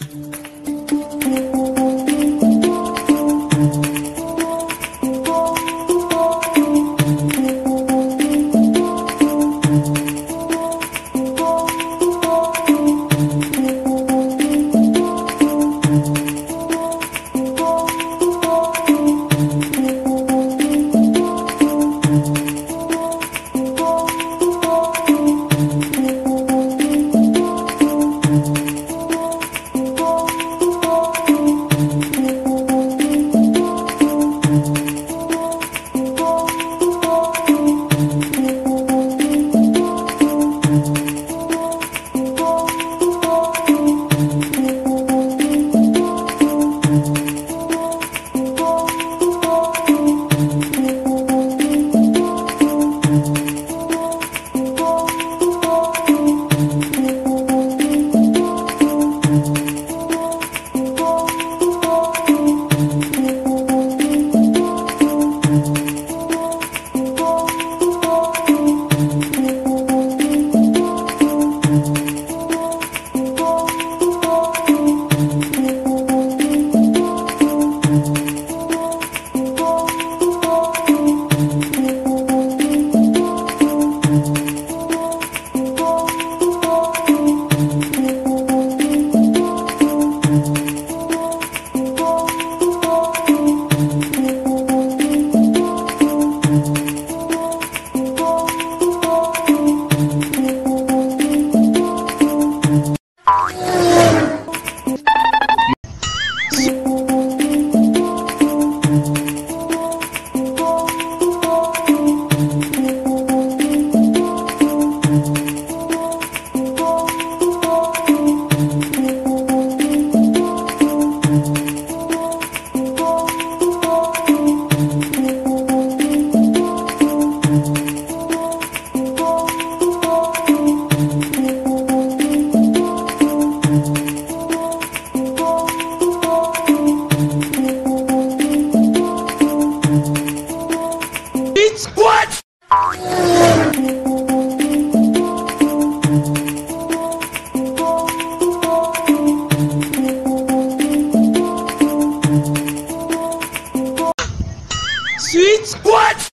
Thank you. sweet? What?